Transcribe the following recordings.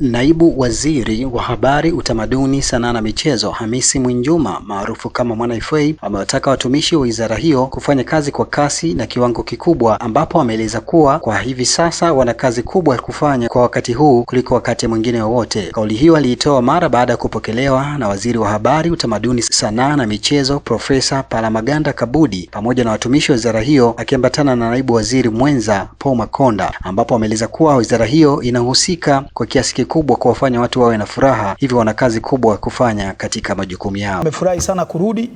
Naibu Waziri wa Habari, Utamaduni, Sanaa na Michezo, Hamisi Mwinjuma maarufu kama Mwana FA amewataka watumishi wa wizara hiyo kufanya kazi kwa kasi na kiwango kikubwa, ambapo ameeleza kuwa kwa hivi sasa wana kazi kubwa ya kufanya kwa wakati huu kuliko wakati mwingine wowote. Kauli hiyo aliitoa mara baada ya kupokelewa na Waziri wa Habari, Utamaduni, Sanaa na Michezo Profesa Palamagamba Kabudi pamoja na watumishi wa wizara hiyo akiambatana na naibu waziri mwenza Paul Makonda, ambapo ameeleza kuwa wizara hiyo inahusika kwa kiasi kubwa kuwafanya watu wawe na furaha, hivyo wana kazi kubwa kufanya katika majukumu yao. Nimefurahi sana kurudi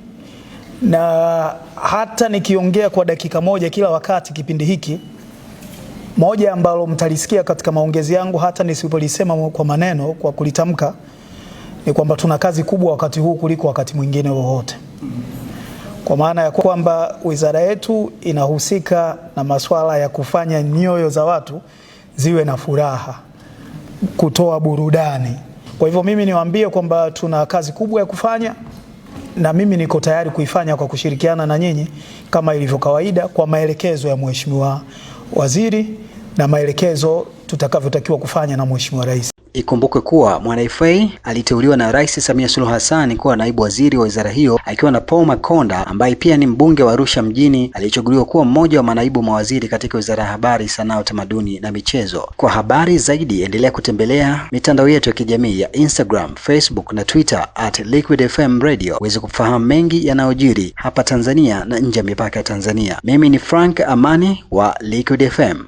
na hata nikiongea kwa dakika moja kila wakati kipindi hiki, moja ambalo mtalisikia katika maongezi yangu hata nisipolisema kwa maneno, kwa kulitamka, ni kwamba tuna kazi kubwa wakati huu kuliko wakati mwingine wowote, kwa maana ya kwamba wizara yetu inahusika na masuala ya kufanya nyoyo za watu ziwe na furaha kutoa burudani. Kwa hivyo mimi niwaambie kwamba tuna kazi kubwa ya kufanya na mimi niko tayari kuifanya kwa kushirikiana na nyinyi kama ilivyo kawaida, kwa maelekezo ya Mheshimiwa Waziri na maelekezo tutakavyotakiwa kufanya na Mheshimiwa Rais. Ikumbukwe kuwa Mwanaifei aliteuliwa na Rais Samia Suluhu Hassan kuwa naibu waziri wa wizara hiyo akiwa na Paul Makonda ambaye pia ni mbunge wa Arusha mjini aliyechaguliwa kuwa mmoja wa manaibu mawaziri katika Wizara ya Habari, Sanaa, Utamaduni na Michezo. Kwa habari zaidi endelea kutembelea mitandao yetu ya kijamii ya Instagram, Facebook na Twitter at Liquid FM Radio uweze kufahamu mengi yanayojiri hapa Tanzania na nje ya mipaka ya Tanzania. Mimi ni Frank Amani wa Liquid FM.